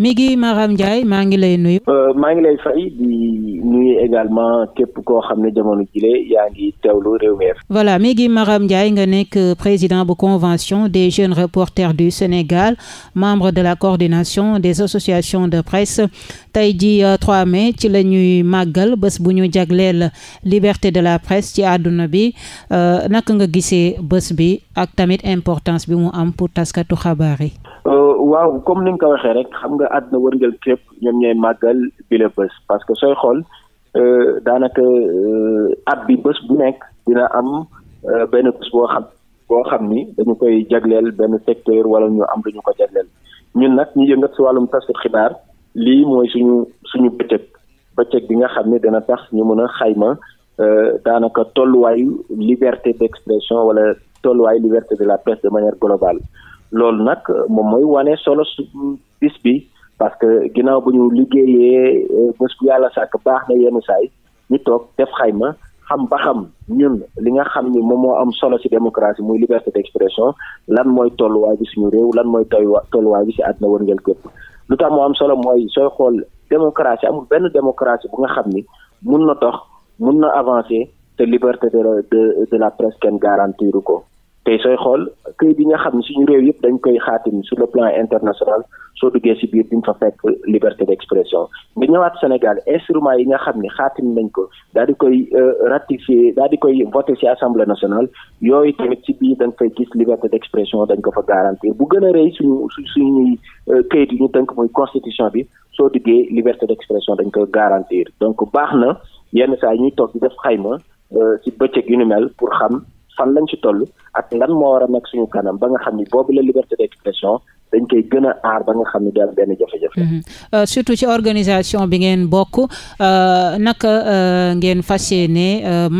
Migui Maram Ndiaye maa ngi lay nuyu. Euh, maa ngi lay fay di également képp koo xam ne jamono jile yaa ngi teewlu Rewmi FM. voilà Migui Maram Ndiaye nga nekk président bu convention des jeunes reporters du Sénégal membre de la coordination des associations de presse tey ji 3 euh, mai ci la ñuy màggal bés bu ñu jagleel liberté de la presse ci àdduna bi euh, naka nga gisee bës bi ak tamit importance bi mu am pour taskatu xabaar yi. waaw comme ni nga ko waxee rek xam nga àdduna wërngël képp ñoom ñooy màggal bi la bés parce que sooy xool euh, daanaka euh, at bi bës bu nekk dina am euh, benn bés boo xam xam ni dañu koy jagleel benn secteur wala ñu am lu ñu ko jagleel ñun nag ñu yëngat si wàllum tasir xibaar lii mooy suñu suñu bëccëg bëccëg bi nga xam ne dana tax ñu mën a xayma daanaka tolluwaayu liberté d'expression wala tolluwaayu liberté de la presse de manière globale loolu nag moom mooy wane solo su bis bi parce que ginnaaw bu ñu liggéeyee euh, bés bu yàlla sàkk baax na yenn saay ñu toog def xayma xam ba xam ñun li nga xam ni moom moo am solo ci démocratie muy liberté d'expression lan mooy toll tolluwaay bi suñu réew lan mooy tolluwaay bi ci àdduna wërngël képp lu tax moo am solo mooy sooy xool démocratie amul benn démocratie bu nga xam ni mun na dox mun na avancer te liberté de de de la presse kenn garantiru ko tey sooy xool këyit yi nga xam ne suñu réew yëpp dañ koy xaatim su le plan international soo duggee si biir duñ fa fekk liberté d'expression nga ñëwaat Sénégal instruments yi nga xam ni xaatim nañ ko daal di koy euh, ratifié daal di koy voté si assemblée national yooyu tamit si biir dañ fay gis liberté d'expression dañ ko fa garantir bu gën a rey suñu suñuy euh, këyit yi ñu tënk muy constitution bi soo duggee liberté d'expression dañ koy garantir donc baax na yenn saa yi toog def xayma euh, si bëccëg yu pour xam fan lañ ci toll ak lan moo war a nekk suñu kanam ba nga xam ni boobu la liberté d'expression dañ koy gën a aar ba nga xam ne daal benn jafe-jafe. Mhm. Euh, surtout ci organisation bi ngeen bokk euh, naka euh, ngeen fas yéene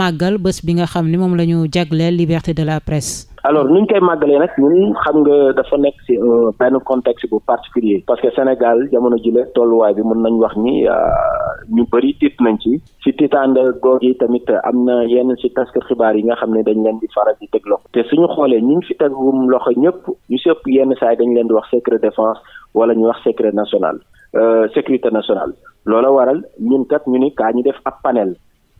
màggal bés bi nga xam ni moom la ñu jagleel liberté de la presse. alors ñu koy màggalee nag ñun xam nga dafa nekk ci euh, benn contexte bu particulier parce que Sénégal jamono jile tolluwaay bi mën nañu wax ni euh, ñu bëri tiit nañ ci ci tiitaand goog yi tamit am na yenn ci taskat xibaar yi nga xam ne dañ leen di faral di teg loxo te suñu xoolee ñu ngi fi tegum loxo ñëpp ñu sëpp yenn saa yi dañ leen di wax secret défense wala ñu wax secret national national euh, nationale loola waral ñun kat ñu ni kaa ñu def ak panel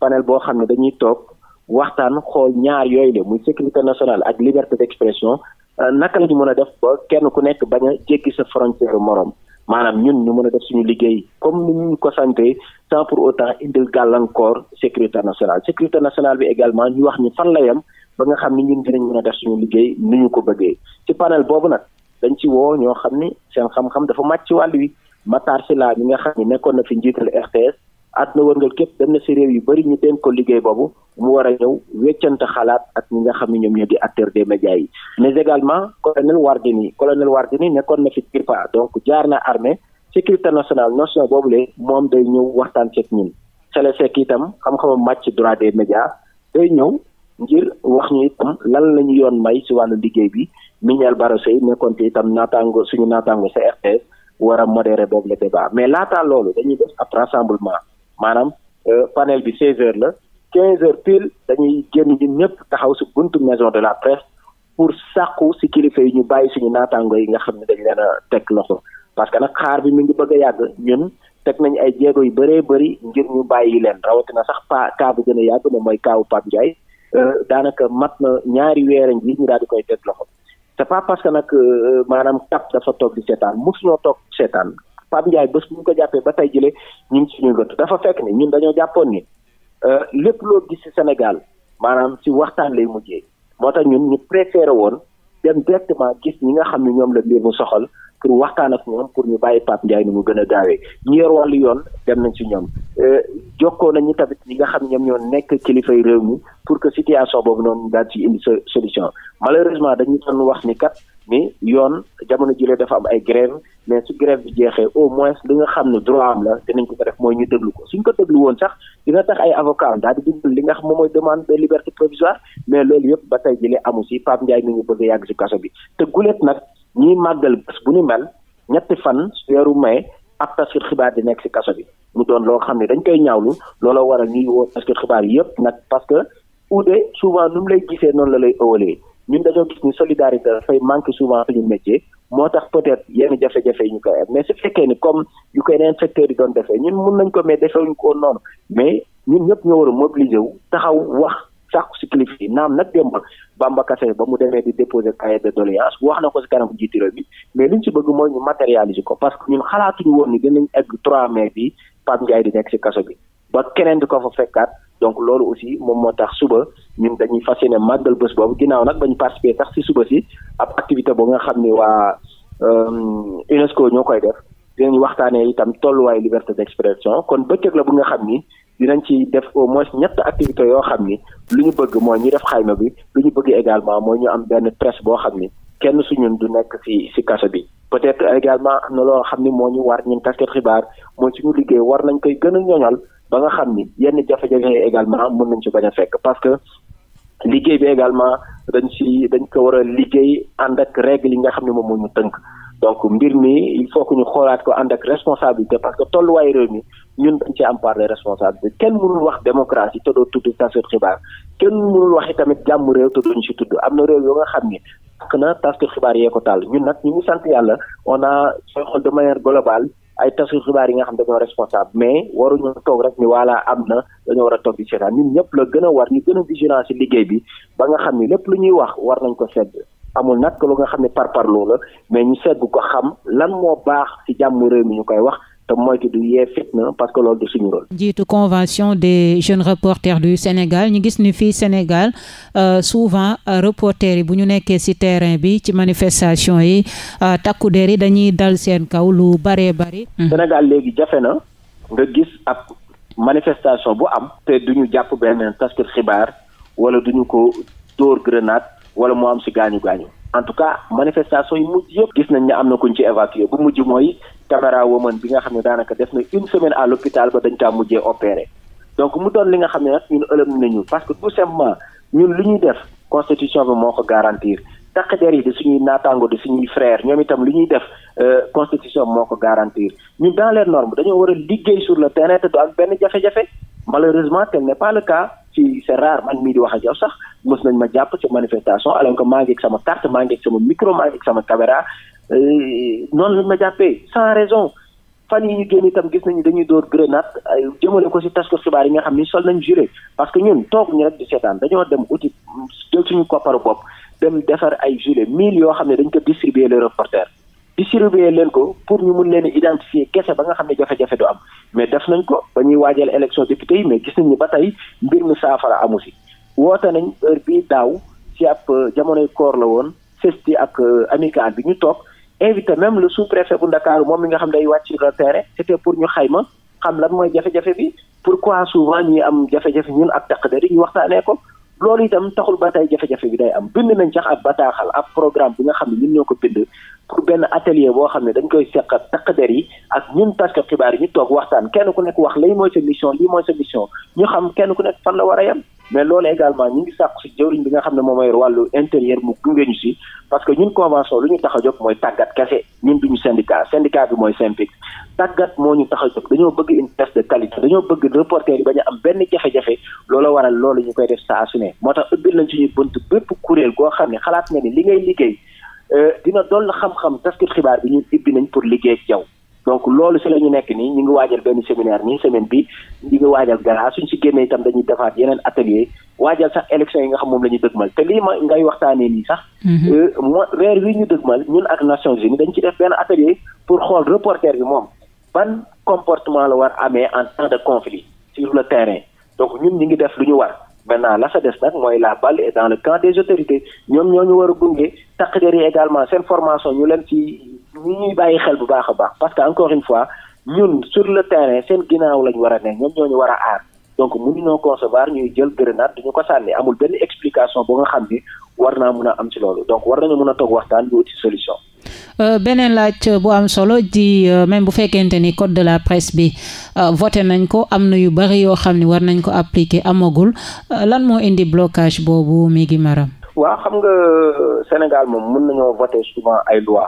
panel boo xam ne dañuy toog waxtaan xool ñaar yooyu le muy sécurité nationale ak liberté d'expression euh, naka la ñu mën a def kenn ku nekk bañ a sa frontière morom maanaam ñun ñu mën a def suñu liggéey comme nu ñu ko santé sans pour autant indil gàllankoor sécurité nationale sécurité nationale bi également ñu wax ñu fan la yem ba nga xam ni ñun dinañ mën a def suñu liggéey nu ñu ko bëggee ci panel boobu nag dañ ci woo ñoo xam ni seen xam-xam dafa màcc ci wàll wi Matar Sylla mi nga xam ni nekkoon na fi njiital RTS at àdduna wërngal képp dem na si réew yu bëri ñu dénk ko liggéey boobu mu war a ñëw weccante xalaat ak ñi nga xam ne ñoom ñoo di acteurs des médias yi mais également colonel Wardini colonel Wardini nekkoon na fi CRPA donc jaar na armée sécurité nationale notion boobu le moom day ñëw waxtaan ceeg ñun Sele Seck itam xam-xamam màcc droit des médias day ñëw ngir wax ñu itam lan la ñu yoon may si wàllu liggéey bi Mignel Bara Sèye nekkoon te itam naataango suñu naataango CRTS war a modérer boobu le mais laataa loolu dañuy def maanaam euh, panel bi 16 heures la 15 heures pile dañuy génn ñun ñëpp taxaw si bunt maison de la presse pour sàkku si kilifa yi ñu bàyyi suñu naataango yi nga xam ne dañu leen a teg loxo parce que nag xaar bi mi ngi bëgg a yàgg ñun teg nañ ay jéego yu bëree bëri ngir ñu bàyyi leen rawatina sax pa kaa bu gën a yàgg moom mooy kaawu Pape Ndiaye euh, daanaka mat na ñaari weer a ngi ñu daal koy teg loxo c'est pas parce que nag euh, maanaam tap dafa toog di seetaan mosuñoo toog seetaan Pape Ndiaye bés bu ñu ko jàppee ba tey jëlee ñu ngi suñuy lot dafa fekk ni ñun dañoo jàppoon ni euh, lépp loo gis ci Sénégal maanaam ci waxtaan lay mujjee moo tax ñun ñu préféré woon dem directement gis ñi nga xam ni ñoom la mbir mu soxal pour waxtaan ak moom pour ñu bàyyi Pape Ndiaye ni mu gën a gaawee ñu yor wàllu yoon dem nañ ci ñoom euh, jokkoo nañ ñu tamit ñi nga xam ñoom ñoo nekk kilifay réew mi pour que situation boobu noonu daal ci indi solution malheureusement dañu doon wax ni kat ni yoon jamono jile dafa am ay grève mais su grève bi jeexee au moins li nga xam ne droit am la dinañ ko ko def mooy ñu déglu ko suñ ko déglu woon sax dina tax ay avocat daal di déglu li nga xam moom mooy demande de liberté provisoire mais loolu yëpp ba tey jile amu si Pape Ndiaye mi ngi bëgg a yàgg si kaso bi te ñiy màggal bu ni mel ñetti fan weeru may ak tasir xibaar di nekk ci kaso bi mu doon loo xam ne dañ koy ñaawlu war a ñuy woo tasir xibaar yi yëpp nag parce que uude souvent nu mu lay gisee noonu la lay ëwalee ñun dañoo gis ni solidarité dafay manqué souvent ñu métier moo tax peut yenn jafe-jafe yi ñu koy am mais su fekkee ni comme yu ko neen secteurs yi doon defee ñun mun nañ ko mais ñu ko noonu mais ñun ñëpp ñoo war a mobiliser wu taxaw wax sàkku si kilifa yi naam nag démbal Bamba Kassé ba mu demee di déposer cahier de doléance wax na ko si kanamu jiitu réew bi mais liñ si bëgg mooy ñu matérialiser ko parce que ñun xalaatuñu woon ni dinañ egg 3 mais bi Pape Ndiaye di nekk si kaso bi ba keneen di ko fa fekkaat donc loolu aussi moom moo tax suba ñun dañuy fas yéene màggal bës boobu ginnaaw nag ba ñu participer sax si suba si ab activité boobu nga xam ni waa euh, UNESCO ñoo koy def dinañ waxtaanee itam tolluwaay liberté d'expression kon bëccëg la bu nga xam ni dinañ ci def au moins ñett activité yoo xam ni lu ñu bëgg mooy ñu def xayma bi lu ñu bëgg également mooy ñu am benn presse boo xam ni kenn su ñun du nekk ci ci kaso bi peut-être également am na loo xam ni moo ñu war ñu taskat xibaar mooy suñu liggéey war nañ koy gën a ñoñal ba nga xam ni yenn jafe-jafe également mën nañ ci bañ a fekk parce que liggéey bi également dañ ci dañ ko war a liggéey ànd ak règle yi nga xam ne moom moo ñu tënk donc mbir mi il faut ñu xoolaat ko ànd ak responsabilité parce que tolluwaayu réew mi ñun dañ ci am part de responsabilité kenn mënul wax démocratie te doo tudd tasut xibaar kenn mënul wax tamit jàmm réew te duñ si tudd am na réew yoo nga xam ni ak na tasut xibaar yee ko tàll ñun nag ñu ngi sant yàlla on a sooy xool de manière globale ay tasut xibaar yi nga xam dañoo responsable mais waruñu toog rek ni voilà am na dañoo war a toog di seetaan ñun ñëpp la gën a war ñu gën a vigilant si liggéey bi ba nga xam ni lépp lu ñuy wax war nañ ko sedd amul nag lu nga xam ne par parloo la mais ñu segg ko xam lan moo baax ci jàmm réew mi ñu koy wax te moytu du yee fitna parce que loolu du suñu rôle. jiitu convention des jeunes reporters du Sénégal ñu gis ni fii Sénégal euh, souvent euh, reporters yi bu ñu nekkee ci terrain bi ci manifestation yi euh, takku der yi dañuy dal seen kaw lu baree bari. Hmm. Sénégal léegi jafe na nga gis ab manifestation bu am te du ñu jàpp benn taskat xibaar wala duñu ko dóor grenade wala moo am ci gaañu gaañu en tout cas manifestation yi mujj yëpp gis nañ ne am na kuñ ci évacué mooy caméra woman bi nga xam ne daanaka def na une semaine à l'hôpital ba dañ kaa mujjee opéré donc mu doon li nga xam ne nag ñun ëlëm nañu parce que tout simplement ñun li ñuy def constitution bi moo ko garantir takk der yi di suñuy naataango di suñuy frère ñoom itam li ñuy def euh, constitution bi moo ko garantir ñun dans les normes dañoo war a liggéey sur le terrain te du am benn jafe-jafe malheureusement tel n'est pas le cas ci c'est rare man mii di wax a yow sax mës nañ ma jàpp ci manifestation alors que maa ngi ak sama carte maa ngi ak sama micro maa Euh, noonu lañ ma jàppee sans raison fan yi ñu génn itam gis nañu dañuy dóor grenade jëmale ko ci tas ko xibaar yi nga xam ni sol nañ juré parce que ñun toog ñu rek di seetaan dañoo dem uti jël suñu kopparu bopp dem defar ay juré mille yoo xam ne dañ ko distribuer les reporters distribuer leen ko pour ñu mun leen identifier kese ba nga xam ne jafe-jafe du am mais def nañ ko ba ñuy waajal élection député yi mais gis nañ ba tey mbir mu saafara amu si woote nañ heure bii daaw ci ab euh, jamonoy koor la woon sesti ak euh, amical bi ñu toog invité même le sous-préfet bu Ndakaaru moom mi nga xam day wàcc sur le terrain c'était pour ñu xayma xam lan mooy jafe-jafe bi quoi souvent ñi am jafe-jafe ñun ak taqdari ñu waxtaanee ko loolu itam taxul ba tey jafe-jafe bi day am bind nañ sax ab bataaxal ak programme bi nga xam ne ñun ñoo ko bind pour benn atelier boo xam ne dañ koy seq ak taqdar yi ak ñun taskat xibaar yi ñu toog waxtaan kenn ku nekk wax lay mooy sa mission lii mooy sa mission ñu xam kenn ku nekk fan la war a yem mais loolu également ñu ngi sàkku si jëwriñ bi nga xam ne moom mooy wàllu intérieur mu gunge si parce que ñun convention lu ñu tax a jóg mooy tàggat kese ñun duñu syndicat syndicat bi mooy SYNPICS tàggat moo ñu tax a jóg dañoo bëgg une test de qualité dañoo bëgg reporter yi bañu am benn jafe-jafe loola waral loolu ñu koy def saa su ne moo tax ubbil nañ suñuy bunt bépp kuréel goo xam ne xalaat nga ni li ngay liggéey euh, dina doon la xam-xam taskat xibaar bi ñun nañ pour liggéey ak donc loolu si la ñu nekk nii ñu ngi waajal benn séminaire nii semaine bi ñu ngi waajal gala suñ si génnee itam dañuy defaat yeneen atelier waajal sax élection yi nga xam moom la ñu dëgmal te lii ma ngay waxtaanee nii sax. Mhm. Euh, mo weer wi ñu dëgmal ñun ak Nations Unies dañu ci def benn atelier pour xool reporter bi moom ban comportement la war amee en temps de conflit sur le terrain donc ñun ñu ngi def lu ñu war. maintenant la sa des nag mooy la balle est dans le des autorités ñoom ñoo ñu war gunge takk der yi également seen formation ñu leen ci ñu ñuy bàyyi xel bu baax a baax parce que encore une fois ñun sur le terrain seen ginnaaw lañ war ne ñoom ñoo ñu war a aar donc mënuñoo concevoir ñuy jël grenade duñu ko sànni amul benn explication ba nga xam ni war naa mun a am ci loolu donc war nañu mun a toog waxtaan bi ci euh, beneen laaj bu am solo di euh, même bu fekkente ni code de la presse bi euh, voté nañ ko am na yu bari yoo xam ni war nañ ko appliquer amagul lan moo indi blocage boobu mi ngi maram. waaw xam nga Sénégal moom mun nañoo voté souvent ay lois.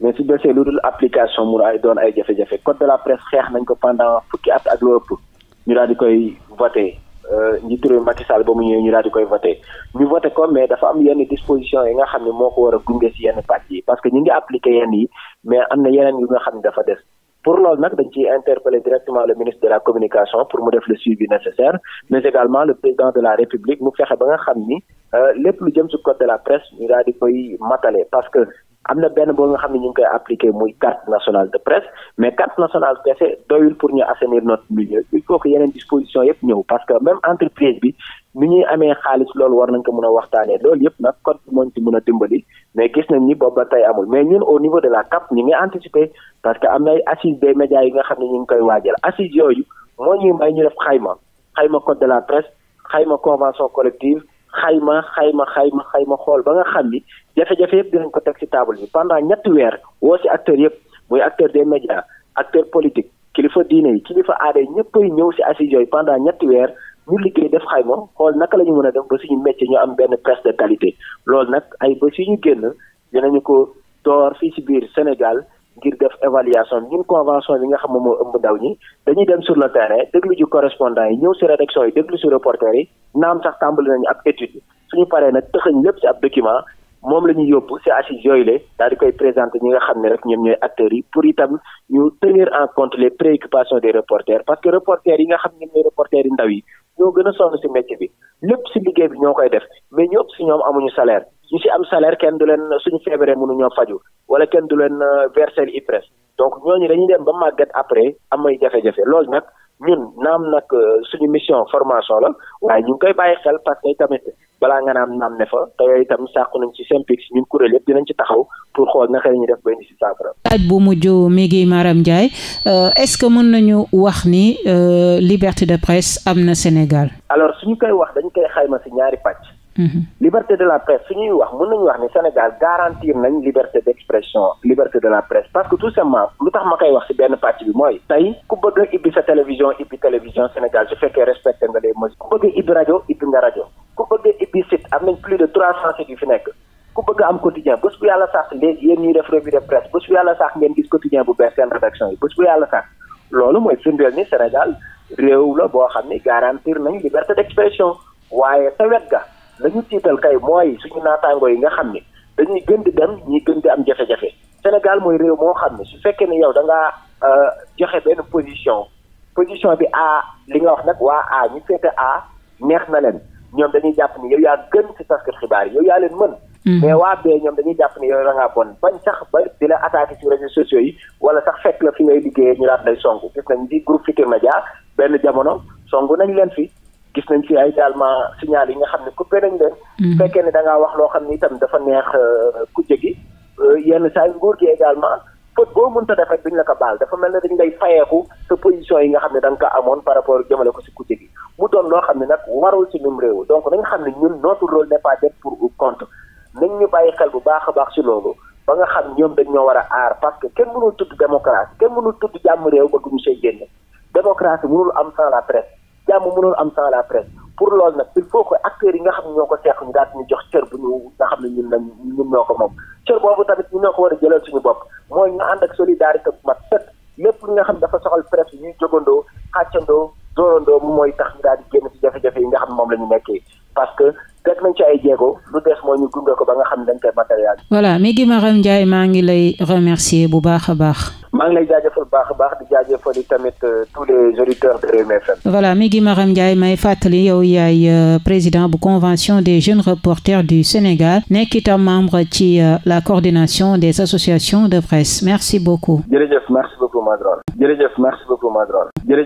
mais su desee lu dul application mu ay doon ay jafe-jafe code de la presse xeex nañ ko pendant fukki at ak lu ëpp ñu daal di koy voté euh, njiitu réew Macky Sall ñu daal di koy voté ñu voté ko mais dafa am yenn disposition yi nga xam ne moo ko war a gunge si yenn pàcc yi parce que ñu ngi appliqué yenn yi mais am na yeneen yu nga xam ne dafa des pour loolu nag dañ ci interpeller directement le ministre de la communication pour mu def le suivi nécessaire mais également le président de la république mu fexe euh, lu jëm si code de daal di koy matale parce que am na benn boo nga xam ne ñu ngi koy appliqué muy carte nationale de presse mais carte nationale de presse doyul pour ñu assainir notre milieu il faut que yeneen disposition yëpp ñëw parce que même entreprise bi ni ñuy amee xaalis loolu war nañ ko mun a waxtaanee loolu yëpp nag code bi moo ñu ci a dimbali mais gis nañ ni boobu ba tey amul mais ñun au niveau de la CAP ñu ngi anticiper parce que am na ay assises des yi nga xam ne ñu ngi koy waajal assises yooyu moo ñuy may ñu def xayma xayma code de la presse xayma xayma xayma xayma xayma xool ba nga xam ni jafe-jafe yëpp dinañ ko teg ci table bi pendant ñetti weer woo ci acteur yëpp muy acteur des médias acteur politique kilifa diine yi kilifa aada yi ñëpp ay ñëw ci assises yooyu pendant ñetti weer ñu liggéey def xayma xool naka la ñu mën a def ba suñu métier ñu am benn presse de qualité loolu nag ay bés yu ñu génn dinañu ko door fii ci biir Sénégal ngir def évaluation bi ñun convention bi nga xam moom moo ëmb ndaw ñi dañu dem sur le terrain déglu ci correspondant yi ñëw si rédaction yi déglu si reporters yi naam sax tàmbali nañu ab étude suñu paree nag tëxañ lépp si ab document moom la ñuy yóbbu si assises yooyu la daal di koy présenter ñi nga xam ne rek ñoom ñooy acteurs yi pour itam ñu tenir en compte les préoccupations des reporters parce que reporters yi nga xam ne ñoom ñooy reporters yi ndaw yi ñoo gën a sonn si métier bi lépp si liggéey bi ñoo koy def mais ñu ëpp si ñoom amuñu salaire ñu si am salaire kenn du leen suñu feebaree mënuñoo faju wala kenn du leen euh, i IPRES donc ñooñu dañu dem ba màggat après am ay jafe-jafe loolu nag ñun naam nag euh, suñu mission formation la waaye ñu ngi koy bàyyi xel parce que tamit balaa nga naan naam ne fa te yooyu itam sàqu nañ ci seen picc ñun kuréel yëpp dinañ ci taxaw pour xool naka la ñuy def ba indi si saafara. laaj bu mujj mi ngi Maram Ndiaye euh, est que mën nañu wax ni euh, liberté de presse am na Sénégal. alors suñu koy wax dañu koy xayma si ñaari pàcc. Mhm. liberté de la presse suñuy wax mën nañu wax ni Sénégal garantir nañ liberté d'expression liberté de la presse parce que tout simplement lu tax ma koy wax ci benn pàcc bi mooy tey ku bëgg a ibbi sa télévision ibbi télévision Sénégal su fekkee respecte nga les mesures ku bëgg a ibbi rajo ibbi rajo ku bëgg ibbi site am nañ plus de trois cent sites fi nekk ku bëgg am quotidien bés bu yàlla sax léegi yéen ñuy def revue de presse bés bu yàlla sax ngeen gis quotidien bu bees seen rédaction yi bés bu yàlla sax loolu mooy firndeel ni Sénégal réew la boo xam ni garantir nañu liberté d'expression waaye sa wet ga la ñu tiital kay mooy suñu naataangoo yi nga xam ni dañuy gën di dem ñuy gën di am jafe-jafe Sénégal mooy réew moo xam ne su fekkee ne yow da ngaa euh, joxe benn position position bi A li nga wax nag waa A ñu féete A neex na leen ñoom dañuy jàpp ni yow yaa gën ci taskat xibaar yi yow yaa leen mën hmm. mais waa bee ñoom dañuy jàpp ni yow da ngaa bon bañ sax ba di la attaqué ci réseaux sociaux yi wala sax fekk la fi ngay liggéeyee ñu daat lay song gis nañ di groupe Futurs Médias benn jamono song nañ leen fi gis nañ fi ay également yi nga xam ne coupé nañ leen hmm. fekkee ne da ngaa wax loo xam ne itam dafa neex euh, kujje gi euh, yenn saa yu nguur gi également faute boo mënta def rek duñ la ko da nga ko amoon bu doon loo xam ne nag warul si ñun réew donc nañ xam ne ñun notre rôle n'est pas d'être pour ou contre nañ ñu bàyyi xel bu baax a baax ci loolu ba nga xam ñoom dañ ñoo war a aar parce que kenn mënul tudd démocratie kenn mënul tudd jàmm réew ba duñu say génne démocratie mënul am sans la presse jàmm mënul am sans la presse pour lool nag il faut que acteurs yi nga xam ne ñoo ko seq ñu daal ñu jox cër bu ñu nga xam ne ñun lañ ko moom cër boobu tamit ñu ñoo war a jëlal suñu bopp mooy ñu bu mat sëkk nga xam ne dafa soxal presse yi ñuy jógandoo xàccandoo dóorandoo mooy tax ñu daal di génn ci moom la ñu nekkee parce que teg ay jéego lu des moo ñu gunge ko ba nga xam ne dañ koy matériel. voilà Miguy Maram Ndiaye maa ngi lay remercier bu baax a baax. maa ngi lay jaajëfal baax a baax di jaajëfal tamit euh, tous les auditeurs de Rewmi FM. voilà Miguy Maram Ndiaye may fàttali yow yaay euh, président bu convention des jeunes reporters du Sénégal nekk itam membre ci euh, la coordination des associations de presse merci beaucoup. jërëjëf merci beaucoup